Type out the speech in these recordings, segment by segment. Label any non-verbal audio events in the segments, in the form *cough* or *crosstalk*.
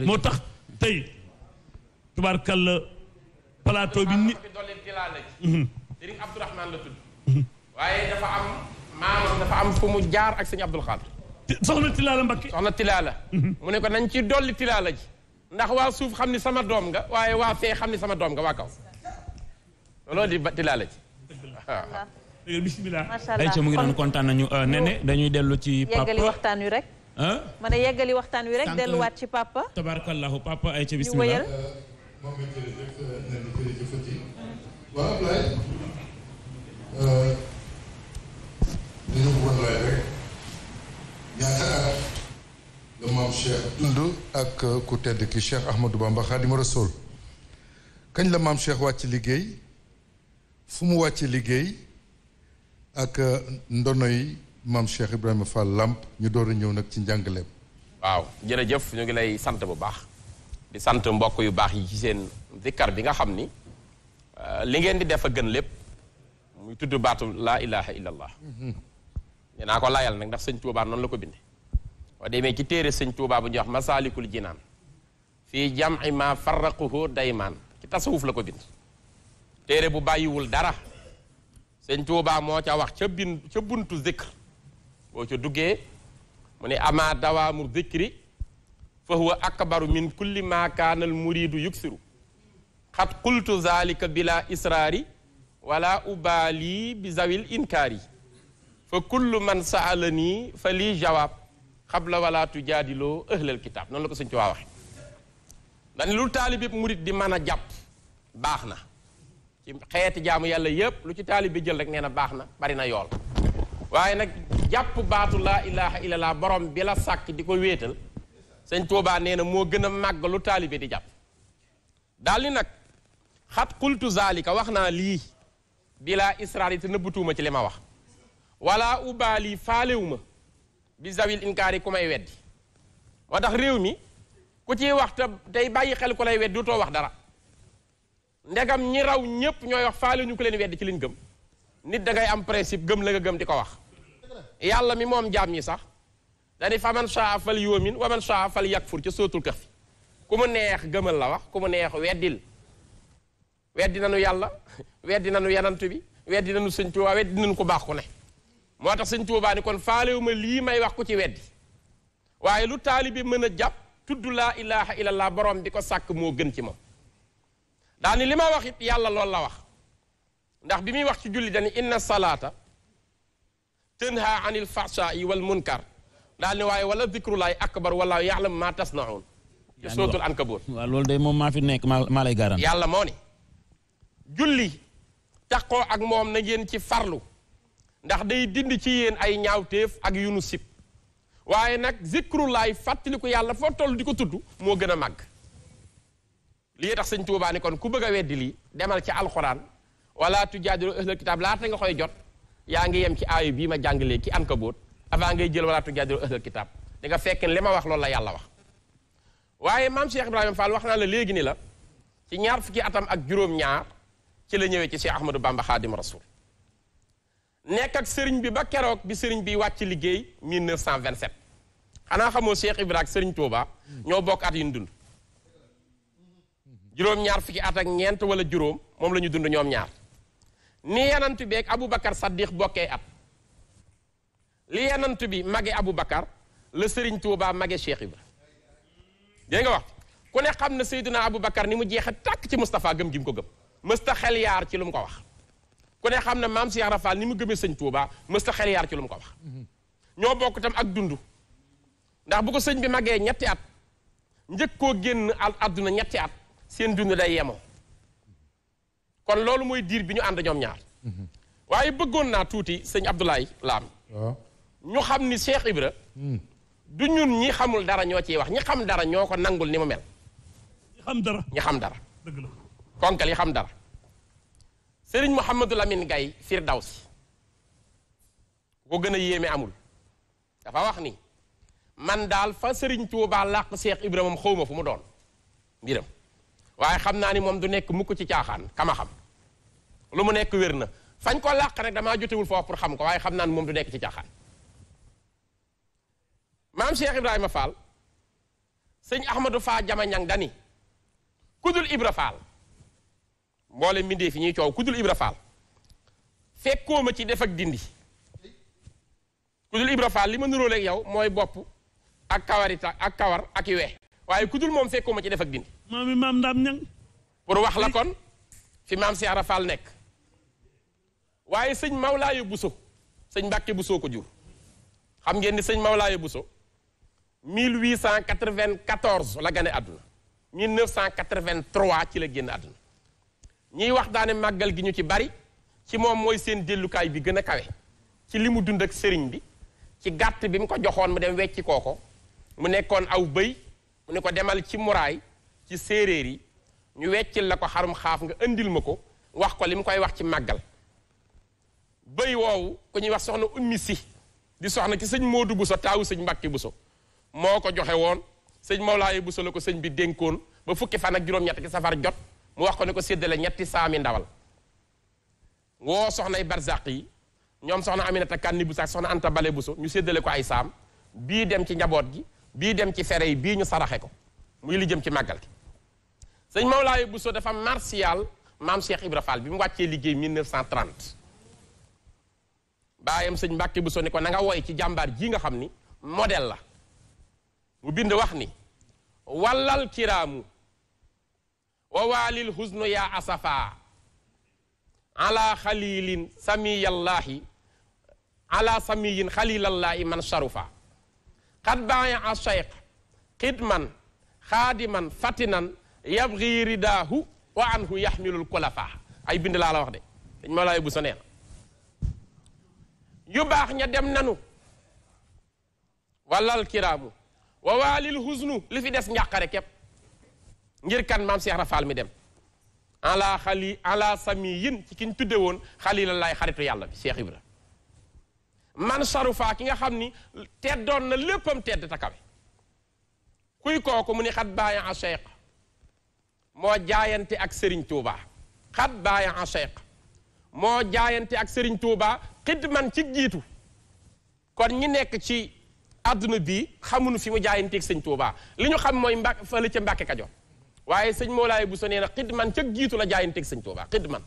moo tax tey tubaarkàlla plateau bi nit dolli ci laa laj mhm. sëriñ Abdourahmane la tudd waaye dafa am maanaam dafa am fu mu jaar ak sëñ Abdoul Khadr soxna Tilaala Mbakke soxna Tilaala mhm. mu ne ko nañ ci dolli Tilaala ji ndax waa suuf xam ni sama doom nga waaye waa fee xam ni sama doom nga waa kaw loolu di ba Tilaala ji waaw bismillah macha allah mu ngi doon kontaan nañu euh, nene dañuy dellu ci papa waxtaan wi rek ah mën a yeggali waxtaan wi rek delluwaat ci papa tabarakallahu ay ca bismillah euh, moom it jërëjëf nee na ki Cheikh Ahmadou Bamba Khadimou Rassoul kañ la maam Cheikh wàcc liggéey fu mu wàcc liggéey ak euh, ndono yi maam Cheikh Ibrahima Fall Lamp ñu door a ñëw nag ci njàngaleem. waaw jërëjëf ñu ngi lay sant bu baax di sant mbokk yu baax yi ci seen zikkar bi nga xam ni euh, li ngeen di def a gën lépp muy tudd baatu laa ilaha illallah. Mhm. nee naa ko layal nag ndax sëñ Touba noon la ko bindee. waa demee ci téere sëñ Touba bu ñuy wax Masaalikul Jinaan fii jam'i ma farraquhu daymaan ci tasawuf la ko bind. téere bu bàyyiwul dara. sëñ Touba moo ca wax ca ca buntu zikr. boo ca duggee mu ne ama dawaamu zikri fa huwa akbaru min kulli maa kaana yuksiru xat qultu zalika bila israari wala ubaali bi zawil inkaari fa kullu man saalani fa lii jawaab xabla wala tujaadiloo ahlal kitaab noonu la ko sëñ Tuubaa waxe dani lu taalib yëpp murit di mën a jàpp baax na ci xeeti jaamu yàlla yëpp lu ci taalib bi jël rek nee na baax na bari na yool jàpp baatu laa ilaha illallah borom bi la sàkk di ko wéetal sañ Tuubaa nee na moo gën a màgg lu taalibe di jàpp daal ni nag xat qultu zalika wax naa lii bila israar yi te nëbbatuuma ci li ma wax wala ubaali faalewuma bi zawil inkaari ku may weddi moo tax réew mi ku ci wax te tey bàyyi xel ko lay weddi du too wax dara ndegam ñi raw ñépp ñooy wax faale ñu ko leen weddi ci liñ gëm nit da ngay am principe gëm la nga gëm di ko wax yàlla mi moom jaam ñi sax dani fa man saa fal yu'min wa man saa fal yakfur ca sootul kahf ku mu neex gëmal la wax ku mu neex weddil weddi nanu yàlla *laughs* weddi nanu yanant bi weddi nanu sëñ Tuubaa weddi nanu ko baax ku ne moo tax sëñ Tuubaa ni kon faalewuma lii may wax ku ci weddi waaye lu taalibi mën a jàpp tudd laa ilaha illallah borom bi ko sàkk moo gën ci moom daani li ma wax yàlla loolu la wax ndax bi muy wax ci julli dani inna salaata tanha anil fahshaai wal munkar daal ne waaye wala dikrullahi akbar wallahu ya'lam ma tasnaun te suratul ankabut waaw loolu de moom maa fi nekk maa lay garan yàlla moo ne julli taqoo ak moom na ngeen ci farlu ndax day dindi ci yéen ay ñaawteef ak yunu nu sib waaye nag zikrullaay fàttaliku yàlla foo toll di ko tudd moo gën a màgg lii tax sëñ Tuubaa ne kon ku bëgg a weddi lii demal ci alxuraan wala tujaadilu ahlal kitaab laata nga koy jot yaa ngi yem ci aayu bii ma jàngalee ci an kabóot avant ngay jël walaatu jaadiru ahlal kitaab di nga fekk li ma wax loolu la yàlla wax waaye maam Cheikh Ibrahima Fall wax naa la léegi nii la ci ñaar fukki atam ak juróom-ñaar ci la ñëwee ci Cheikh Ahmadou Bamba Khadim Rasoul nekk ak sëriñ bi ba keroog bi sëriñ bi wàcc liggéey 1927 xanaa xamoo Cheikh Ibrahima ak sëriñ Touba ñoo bokk at yu ñu dund juróom-ñaar fukki at ak ñeent wala juróom moom la ñu dund ñoom ñaar. ni yenant bi abu bakar Saddiq bokkee at li yenant bi mage Aboubacar la sëriñ tuuba mage Cheikh Ibra dégg nga wax ku ne xam na Seydina Aboubacar ni mu jeexe tàkk ci Moustapha gëm gi mu ko gëm mësta xel yaar ci lu mu ko wax ku ne xam na maam Cheikh Rafal ni mu gëmee sëñ Touba mësta xel ci lu mu ñoo bokk itam ak dund ndax bu ko sëñ bi magee ñetti at njëkk koo génn àdduna ñetti at seen dund day yemoo kon loolu mooy diir bi ñu ànd ñoom ñaar mhm. waaye bëggoon naa tuuti sëñ Abdoulaye Lam ñu xam ni Cheikh Ibra hmm. du ñun ñi xamul dara ñoo ciy wax ñi xam dara ñoo ko nangul ni mu mel ñi xam dara ñi xam dara dëgg la konkal yi xam dara sëriñ Mouhamadou Lamine daw si ko gën a yéeme amul dafa wax ni man daal fa sëriñ ci Tuubaa làq Cheikh Ibra moom xawma fu mu doon mbiram waaye xam naa ni moom du nekk mukk ci caaxaan kama xam lu mu nekk wér na fañ ko làq nag damaa jotewul foofu pour xam ko waaye xam naan moom du nekk ci caaxaan maam Cheikh Ibrahima Fall sëñ Ahmadou Fa Jama Ñang dani kudul Ibra Fall mboole mbindee fi ñuy coow kudul Ibra Fall fekkoo ma ci def ak dindi kudul Ibra Fall li ma nuróole ak yow mooy bopp ak kawarita ak kawar ak i we waaye kudul moom fekkoo ma ci def ak dindi. maam mi maam Ndaam Ñang pour wax la kon fi maam Cheikh Ibra nekk. waaye sëñ Mawlaayu Bousso sëñ Mbàkke Bousso ko jur xam ngeen ni sëñ Mawlaayu Bousso 1894 la gane àdduna 1983 ci la génn àdduna ñiy wax daane màggal gi ñu ci bari ci moom mooy seen dellukaay bi gën a kawe ci li mu dund ak sëriñ bi ci gàtt bi mu ko joxoon mu dem wecci kooko mu nekkoon aw bëy mu ne ko demal ci muraay ci séeréer yi ñu weccil la ko xarum xaaf nga indil ma ko wax ko li mu koy wax ci màggal bëy woowu ku ñuy wax soxna ummi si di soxna ci sëñ Modou Bousso taawu sëñ Mbàkke Bousso moo ko joxe woon sëñ Mawlaaye Bousso la ko sëñ bi dénkoon ba fukki fan ak juróom-ñett jot mu wax ne ko séddale ñetti saami ndawal woo soxnay barzaq yi ñoom soxna Aminata Kanni Bousso ak soxna Anta Bale Bousso ñu séddale ko ay saam bii dem ci njaboot gi bii dem ci fere yi bii ñu saraxe ko muy li jëm ci màggal gi sëñ Mawlaaye Bousso dafa martial maam Cheikh Ibra Fall bi mu wàccee liggéey 1930 baayam sëñ Mbàkke bu so ni ko na nga woy ci jàmbaar ji nga xam ni modèle la mu bind wax ni wallal kiraamu wa waalil husnu yaa asafaa ala xalilin samiyallaahi ala samiyin xalilallaahi man sharufa xad baaya a cheikh xidman fatinan yabgi ridaahu wa anhu yaxmilul kulafa ay bind laa wax de dañ ma laay bu sa neena yu baax ña dem nanu walal kiraamu wa waalil husnu li fi des njàqare képp ngir kan maam Cheikh Rafaal mi dem ala xali ala sami yin ci ki ñu tudde woon xalilallaay xaritu yàlla bi Cheikh Ibra man sarufa ki nga xam ni teddoon na léppam tedd ta kawe kuy kooku mu ni xat bàyyi a moo jaayante ak Serigne Touba xat bàyyi a moo jaayante ak Serigne Touba man ci jiitu kon ñi nekk ci àdduna bi xamuñu fi mu jaayanteeg sëñ Touba li ñu xam mooy mbàkk fële ca Mbàkke Kajoor waaye sëñ Moolaay bu so nee na man ca jiitu la jaayanteeg sëñ Touba xidman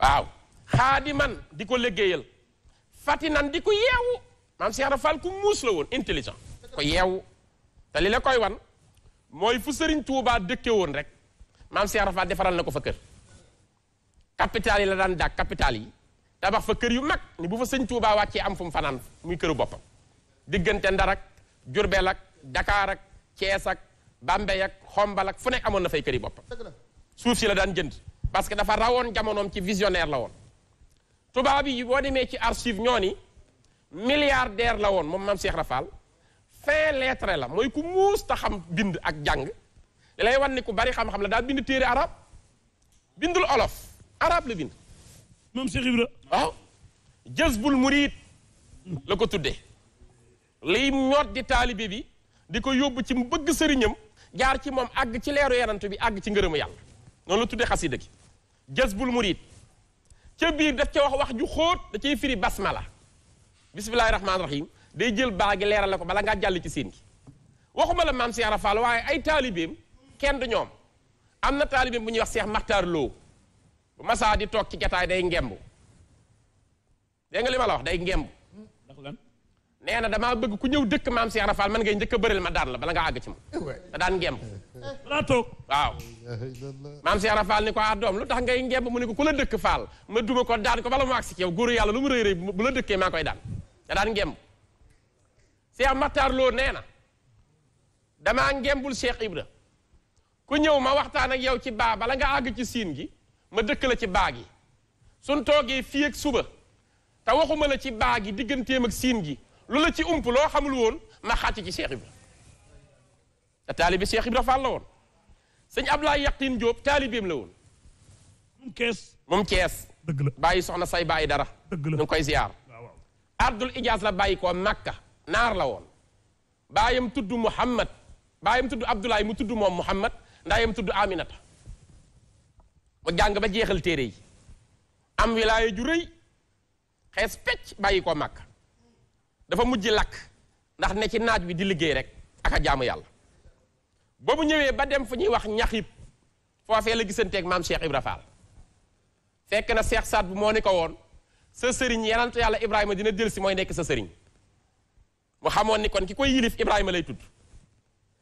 waaw xaadiman di ko liggéeyal fatinan di ko yeewu maam Cheikh Rafal ku muus la woon intelligent ko yeewu te li la koy wan mooy fu sëriñ Touba dëkke woon rek maam Cheikh Rafal defaral na ko fa kër capital yi la daan daag capital yi tabax fa kër yu mag ni bu fa sëñ Touba wàccee am fu mu fanaan muy këru boppam diggante ndarak ak Jurbel ak Dakar ak Cees ak Bambey ak Xombal ak fu nekk amoon na fay kër yi boppam suuf si la daan jënd parce que dafa rawoon jamonoom ci visionnaire la woon tubaab yi boo demee ci archive ñoo ni milliardaire la woon moom maam Cheikh Rafal fin lettre la mooy ku muus xam bind ak jàng lay wan ni ku bari xam-xam la daal bind téere arab bindul olof arab la moom Cheikh Ibra waaw la ko tuddee liy ñoot di taalibe bi di ko yóbbu ci mu bëgg sëriñam jaar ci moom àgg ci leeru yanant bi àgg ci ngërëmu yàlla noonu la tuddee xasida gi jazbul murid ca biir daf ca wax wax ju xóot da cay firi basmala bismillahi rahmaani rahim day jël baa gi leeral la ko bala ngaa jàll ci seen gi waxuma la maam Cheikh Ibra waaye ay taalibeem kenn du ñoom am na taalibeem bu ñuy wax seex Makhtar Lo bu masaa di toog ci jataay day ngemb dégg nga li ma la wax day ngemb ndax na damaa bëgg ku ñëw dëkk maam Cheikh Rafal man ngay njëkk a bëril ma daan la bala nga àgg ci ma eh da daan ngemb daa toog waaw maam Cheikh Rafal ni ko ah, doom lu tax ngay ngemb mu ne ko ku la dëkk faal ma duma ko daan ko bala mu àgg ci yow góoru yàlla lu mu rëy rëy bu la dëkkee maa koy daan da daan ngemb Cheikh Matar Lo nee na damaa ngembul Cheikh Ibra ku ñëw ma waxtaan ak yow ci baa bala nga àgg ci siin gi ma dëkk la ci baag yi suñ toogee fii ak suba te waxuma la ci baag yi digganteem ak siin gi lu la ci ump loo xamul woon ma xàcc ci seex Ibra te taalibe Cheikh Ibra Fall la woon sëñ Ablaye Yaqin Diop taalibeem la woon. moom Cees moom Cees. dëgg la bàyyi soxna say bàyyi dara. dëgg la ñu koy ziar. Ardul Ijaas la bàyyi ko Makka naar la woon. baayam tudd Muhammad baayam tudd Abdoulaye mu tudd moom Muhammad ndaayam tudd Aminata. mu jàng ba jeexal téere yi am wilaaya ju rëy xees pecc bàyyi ko màkk dafa mujj lakk ndax ne ci naaj bi di liggéey rek ak a jaamu yàlla ba mu ñëwee ba dem fu ñuy wax ñaxib foofee la gisanteeg maam Cheikh Ibra Fall fekk na Cheikh Saad bu moo ni ko woon sa sëriñ yanantu yàlla Ibrahima dina dellu si mooy nekk sa sëriñ mu xamoon ni kon ki koy yilif Ibrahima lay tudd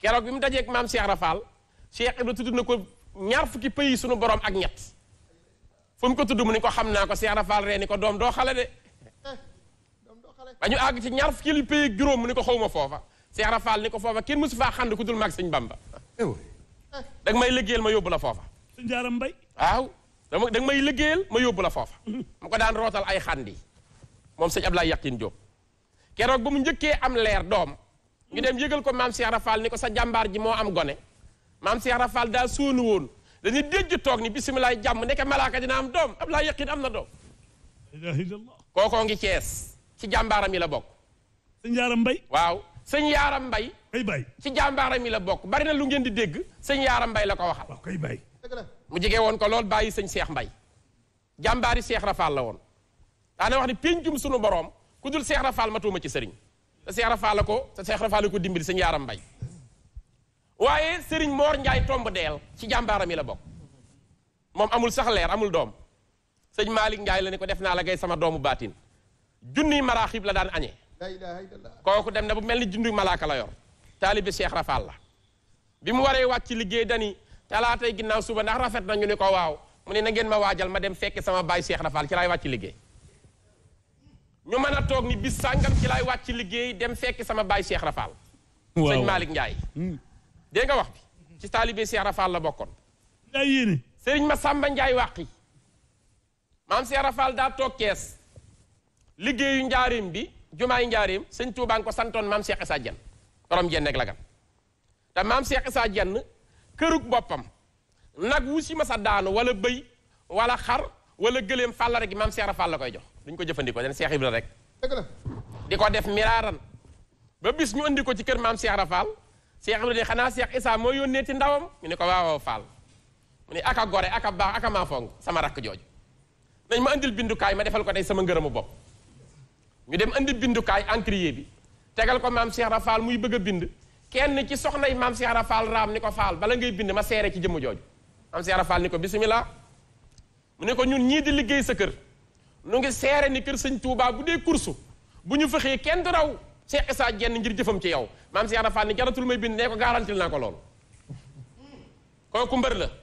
keroog bi mu dajeeg maam Cheikh Rafal Cheikh Ibra tudd na ko ñaar fukki pays suñu borom ak ñett fu mu ko tudd mu ni ko xam naa ko Cheikh Rafal ree ni ko doom doo xale de ba ñu àgg ci ñaar fukki pays ak juróom mu ni ko xawma foofa Cheikh Rafal ni ko foofa kenn mësu faa xànd ku dul mag sëñ Bamba eh danga may liggéeyal ma yóbbu la foofa mbay waaw dama danga may liggéeyal ma yóbbu la foofa *laughs* mu ko daan rootal ay xandi moom sëñ Ablaye Yaqin Diop keroog ba mu njëkkee am leer doom ñu dem yëgal ko maam Cheikh Rafal ni ko sa jàmbaar ji moo am gone maam Cheikh Rafal daa sóonu woon dañuy dégg toog ni bisimilah jàmm nekk malaaka dina am doom Abdoulaye Yaqin am na doom. kookoo ngi Cees ci jàmbaaram yi la bokk. sëñ Yaaram Mbay. waaw sëñ Yaaram Mbay. kay ci jàmbaaram yi la bokk bari na lu ngeen di dégg sëñ Yaaram Mbay la ko waxal. waaw kay mu jege woon ko lool bàyyi sëñ Cheikh Mbay jàmbaari Cheikh Rafal la woon daana wax ni péncum sunu boroom ku dul Cheikh Rafal matuma ci sëriñ te Cheikh Rafal la ko sa Cheikh Rafal la ko dimbali sëñ Yaaram Mbay waaye Serigne Mor Ndiaye tomb deel ci jàmbaaram yi la bokk moom amul sax leer amul doom sëñ Malick Ndiaye la ko def naa la ngay sama doomu baatin junniy maraaxib la daan añee kooku dem na bu mel ni junniy malaaka la yor taalibi Cheikh Rafal la bi mu waree ci liggéey dani talaatay ginnaaw suba ndax rafet na ñu ne ko waaw mu ne na ngeen ma waajal ma dem fekke sama baay seex Rafal ci laay wàcc liggéey ñu mën a toog ni bis sàngam ci laay wàcc liggéey dem fekki sama baay Cheikh Rafal sëñ Malick Ndiaye hmm. dégg nga wax bi ci taalibe Cheikh Ibra la bokkoon. daa yéene. Serigne Massamba Ndiaye wàqi maam Cheikh Ibra Fall daa toog kees liggéeyu njaareem bi jumaay njaareem sëñ Touba nga ko santoon maam Cheikh Issa Diène borom Diène ak Lagane te maam boppam nag wu si masa daanu wala bëy wala xar wala rek maam Cheikh Ibra la koy jox dañ ko jëfandikoo den Cheikh Ibra rek. ko def miraaran ba bis ñu andi ko ci kër maam Cheikh Ibra Cheikh Ibrahima de xanaa Cheikh Issa moo yónnee ti ndawam ñu ne ko waawoo Fall mu ne aka gore aka baax aka maa sama rakk jooju nañ ma andil bindukaay ma defal ko tey sama ngërëmu bopp ñu dem andi bindukaay encrier bi tegal ko maam Cheikh Rafal muy bëgg a bind kenn ci soxnay maam Cheikh Rafal raam ni ko Fall bala ngay bind ma seere ci jëmm jooju maam Cheikh Rafal ni ko bisimilah mu ne ko ñun ñii di liggéey sa kër nu ngi seere ni kër sëñ tuubaa bu dee kursu bu ñu fexee kenn du Cheikh Issa Diène njir jëfam ci yow maam si Ibra Fall ni jaratul may bind nee ko garantil naa ko loolu kooku mbër la